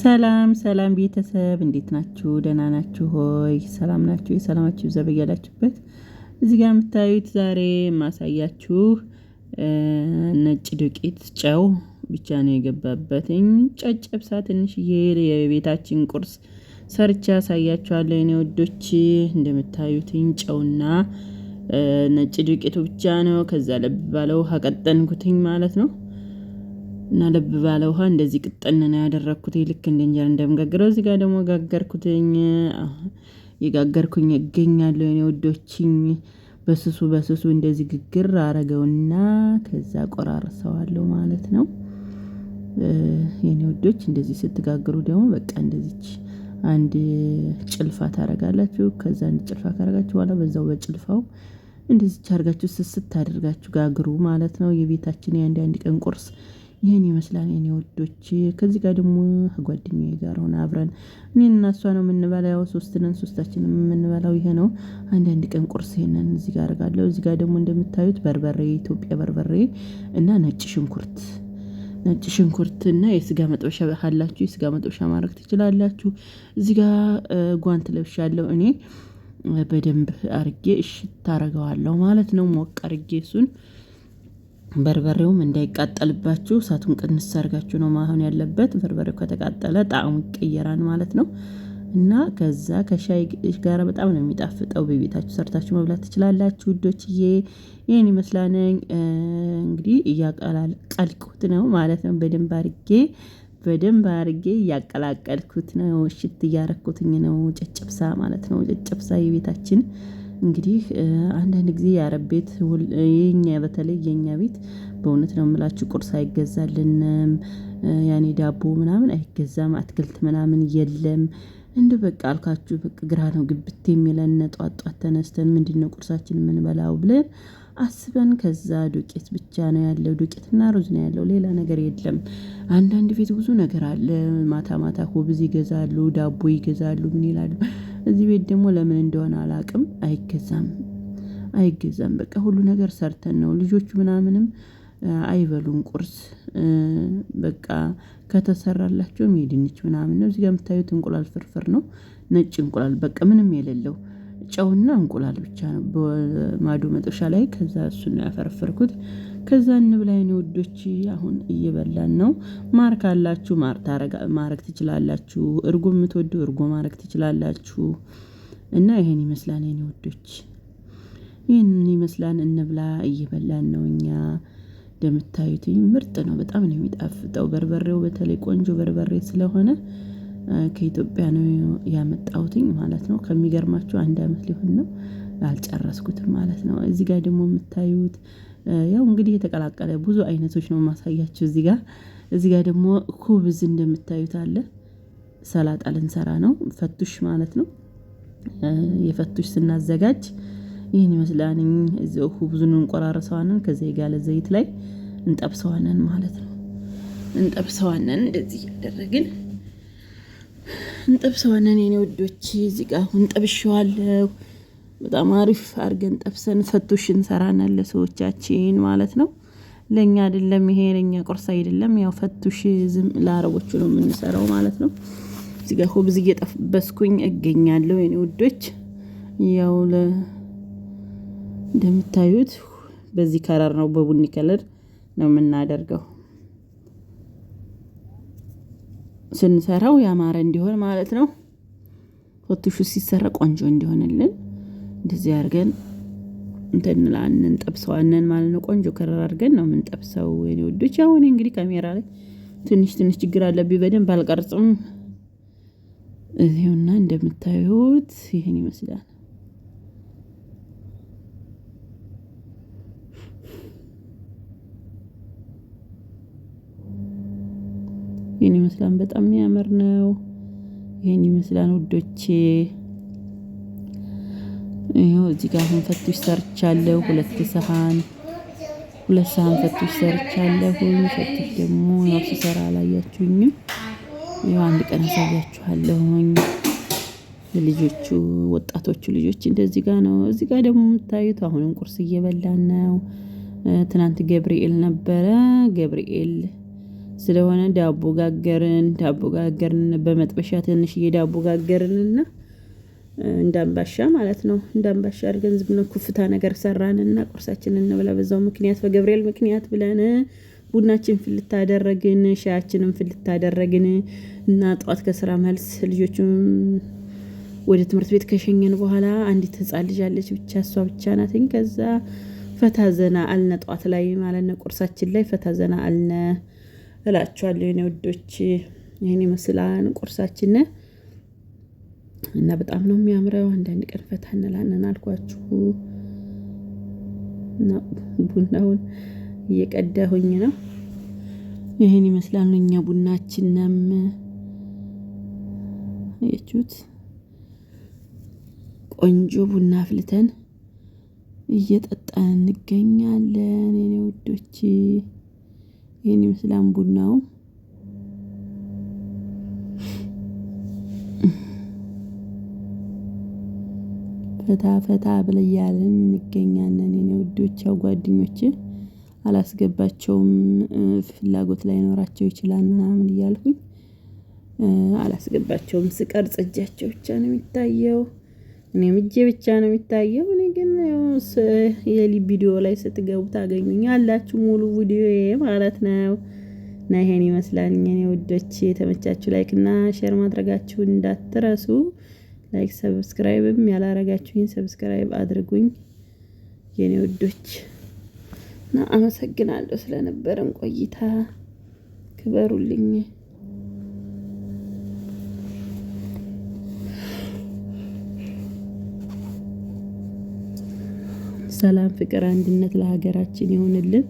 ሰላም ሰላም ቤተሰብ እንዴት ናችሁ? ደህና ናችሁ ሆይ? ሰላም ናችሁ? የሰላማችሁ ይብዛ በያላችሁበት። እዚህ ጋር የምታዩት ዛሬ ማሳያችሁ ነጭ ዱቄት ጨው ብቻ ነው የገባበትኝ። ጨጨብሳ ትንሽዬ የቤታችን ቁርስ ሰርቻ ያሳያችኋለሁ የኔ ወዶች። እንደምታዩትኝ ጨውና ነጭ ዱቄቱ ብቻ ነው። ከዛ ለብ ባለው አቀጠንኩትኝ ማለት ነው። እና ለብ ባለ ውሃ እንደዚህ ቅጥን ነው ያደረግኩት። ልክ እንደ እንጀራ እንደምጋግረው እዚህ ጋር ደግሞ ጋገርኩትኝ የጋገርኩኝ እገኛለሁ የኔ ወዶችኝ። በስሱ በስሱ እንደዚህ ግግር አረገውና ከዛ ቆራርሰዋለሁ ማለት ነው የኔ ወዶች። እንደዚህ ስትጋግሩ ደግሞ በቃ እንደዚች አንድ ጭልፋ ታረጋላችሁ። ከዛ አንድ ጭልፋ ካረጋችሁ በኋላ በዛው በጭልፋው እንደዚች አርጋችሁ ስስት ጋግሩ ማለት ነው። የቤታችን የአንድ አንድ ቀን ቁርስ ይህን ይመስላል የኔ ውዶች። ከዚህ ጋር ደግሞ ጓደኛ ጋር ሆነ አብረን እኔ እና እሷ ነው የምንበላው። ያው ሶስት ነን፣ የምንበላው ይሄ ነው። አንዳንድ ቀን ቁርስ ይሄንን እዚህ ጋር አድርጋለሁ። እዚህ ጋር ደግሞ እንደምታዩት በርበሬ፣ የኢትዮጵያ በርበሬ እና ነጭ ሽንኩርት ነጭ ሽንኩርት እና የስጋ መጥበሻ ካላችሁ የስጋ መጥበሻ ማድረግ ትችላላችሁ። እዚህ ጋር ጓንት ለብሻለሁ እኔ በደንብ አርጌ እሽት ታረገዋለሁ ማለት ነው። ሞቅ አርጌ እሱን በርበሬውም እንዳይቃጠልባችሁ እሳቱን ቅንስ አድርጋችሁ ነው ማሆን ያለበት። በርበሬው ከተቃጠለ ጣዕሙ ይቀየራል ማለት ነው እና ከዛ ከሻይ ጋር በጣም ነው የሚጣፍጠው። በቤታችሁ ሰርታችሁ መብላት ትችላላችሁ ውዶችዬ። ይህን ይመስላነኝ እንግዲህ እያቀላቀልኩት ነው ማለት ነው። በደንብ አርጌ በደንብ አርጌ እያቀላቀልኩት ነው። እሽት እያረኩትኝ ነው ጨጨብሳ ማለት ነው። ጨጨብሳ የቤታችን እንግዲህ አንዳንድ ጊዜ የአረብ ቤት የኛ በተለይ የኛ ቤት በእውነት ነው የምላችሁ ቁርስ አይገዛልንም። ያኔ ዳቦ ምናምን አይገዛም አትክልት ምናምን የለም። እንደው በቃ አልካችሁ በቃ ግራ ነው ግብት የሚለን ጧት ጧት ተነስተን ምንድነው ቁርሳችን የምንበላው ብለን አስበን ከዛ ዱቄት ብቻ ነው ያለው ዱቄትና ሩዝ ነው ያለው ሌላ ነገር የለም። አንዳንድ ቤት ብዙ ነገር አለ ማታ ማታ ኮብዝ ይገዛሉ ዳቦ ይገዛሉ ምን ይላሉ እዚህ ቤት ደግሞ ለምን እንደሆነ አላቅም አይገዛም አይገዛም በቃ ሁሉ ነገር ሰርተን ነው ልጆቹ ምናምንም አይበሉም ቁርስ በቃ ከተሰራላቸው የድንች ምናምን ነው እዚህ ጋር የምታዩት እንቁላል ፍርፍር ነው ነጭ እንቁላል በቃ ምንም የሌለው ጨውና እንቁላል ብቻ ነው በማዶ መጥበሻ ላይ ከዛ እሱን ነው ያፈረፈርኩት ከዛ እንብላይ ነው ውዶች። አሁን እየበላን ነው። ማር ካላችሁ ማር ማረግ ትችላላችሁ። እርጎ የምትወዱ እርጎ ማረግ ትችላላችሁ። እና ይሄን ይመስላል የኔ ውዶች፣ ይህንን ይመስላል። እንብላ። እየበላን ነው እኛ ምርጥ ነው። በጣም ነው የሚጣፍጠው። በርበሬው በተለይ ቆንጆ በርበሬ ስለሆነ ከኢትዮጵያ ነው ያመጣሁትኝ ማለት ነው። ከሚገርማችሁ አንድ አመት ሊሆን ነው አልጨረስኩትም ማለት ነው። እዚህ ጋር ደግሞ የምታዩት ያው እንግዲህ የተቀላቀለ ብዙ አይነቶች ነው ማሳያችሁ። እዚህ ጋር እዚህ ጋር ደግሞ ኩብዝ እንደምታዩት አለ። ሰላጣ ልንሰራ ነው ፈቱሽ ማለት ነው። የፈቱሽ ስናዘጋጅ ይህን ይመስላል። እዚ ኩብዙን እንቆራርሰዋንን ከዚህ ጋለ ዘይት ላይ እንጠብሰዋንን ማለት ነው። እንጠብሰዋንን እንደዚህ እያደረግን እንጠብሰዋንን የኔ ወዶች። እዚህ ጋር አሁን ጠብሸዋለሁ። በጣም አሪፍ አድርገን ጠብሰን ፈቱሽ እንሰራናል ለሰዎቻችን ማለት ነው። ለእኛ አይደለም ይሄ ለእኛ ቁርስ አይደለም። ያው ፈቱሽ ዝም ለአረቦቹ ነው የምንሰራው ማለት ነው። እዚህ ጋር ሆብዝ እየጠበስኩኝ እገኛለሁ የኔ ውዶች። ያው ለ እንደምታዩት በዚህ ከለር ነው በቡኒ ከለር ነው የምናደርገው ስንሰራው ያማረ እንዲሆን ማለት ነው። ፈቱሹ ሲሰራ ቆንጆ እንዲሆንልን እንደዚህ አድርገን እንትን እንጠብሰዋለን ማለት ነው። ቆንጆ ከረር አድርገን ነው የምንጠብሰው። ወይኔ ወዶች አሁን እንግዲህ ካሜራ ላይ ትንሽ ትንሽ ችግር አለብኝ፣ በደንብ አልቀርጽም። እዚሁና እንደምታዩት ይህን ይመስላል። ይህን ይመስላል። በጣም የሚያምር ነው። ይህን ይመስላል ውዶቼ። ይኸው እዚህ ጋር አሁን ፈቱሽ ሰርቻለሁ። ሁለት ሰሃን ሁለት ሰሃን ፈቱሽ ሰርቻለሁ። ፈቱሽ ደግሞ ያው ስሰራ አላያችሁኝም። ይኸው አንድ ቀን አሳያችኋለሁኝ። ልጆቹ ወጣቶቹ ልጆች እንደዚህ ጋር ነው። እዚህ ጋር ደግሞ የምታዩት አሁንም ቁርስ እየበላን ነው። ትናንት ገብርኤል ነበረ። ገብርኤል ስለሆነ ዳቦ ጋገርን። ዳቦ ጋገርን በመጥበሻ ትንሽዬ ዳቦ ጋገርንና እንዳንባሻ ማለት ነው። እንዳንባሻ አምባሻ አድርገን ዝም ብለን ኩፍታ ነገር ሰራንና ቁርሳችንን እንብላ። በዛው ምክንያት በገብርኤል ምክንያት ብለን ቡናችን ፍልት አደረግን፣ ሻያችንን ፍልት አደረግን እና ጠዋት ከስራ መልስ ልጆቹም ወደ ትምህርት ቤት ከሸኘን በኋላ አንዲት ህፃን ልጅ አለች፣ ብቻ እሷ ብቻ ናትኝ። ከዛ ፈታ ዘና አልነ፣ ጠዋት ላይ ማለት ነው። ቁርሳችን ላይ ፈታ ዘና አልነ እላችኋለሁ የኔ ውዶች። ይህን ይመስላን ቁርሳችን እና በጣም ነው የሚያምረው። አንዳንድ ቀን ፈታ እንላለን አልኳችሁ። ቡናውን እየቀዳሁኝ ነው። ይህን ይመስላል እኛ ነም ያችሁት ቆንጆ ቡና አፍልተን እየጠጣን እንገኛለን። የኔ ውዶች ይህን ይመስላል ቡናው። ፈታ ፈታ ብለን እያልን እንገኛለን የኔ ውዶች ያው ጓደኞቼ አላስገባቸውም ፍላጎት ላይኖራቸው ይችላል ምናምን እያልኩኝ አላስገባቸውም ስቀርጽ እጃቸው ብቻ ነው የሚታየው። እኔም እጄ ብቻ ነው የሚታየው። እኔ ግን የሊ ቪዲዮ ላይ ስትገቡ ታገኙኛላችሁ ሙሉ ቪዲዮዬ ማለት ነው። እና ይሄን ይመስላል የኔ ውዶች የተመቻችሁ ላይክ እና ሼር ማድረጋችሁን እንዳትረሱ። ላይክ ሰብስክራይብም ያላረጋችሁኝ ሰብስክራይብ አድርጉኝ የኔ ውዶች እና አመሰግናለሁ ስለነበረን ቆይታ። ክበሩልኝ። ሰላም፣ ፍቅር፣ አንድነት ለሀገራችን ይሆንልን።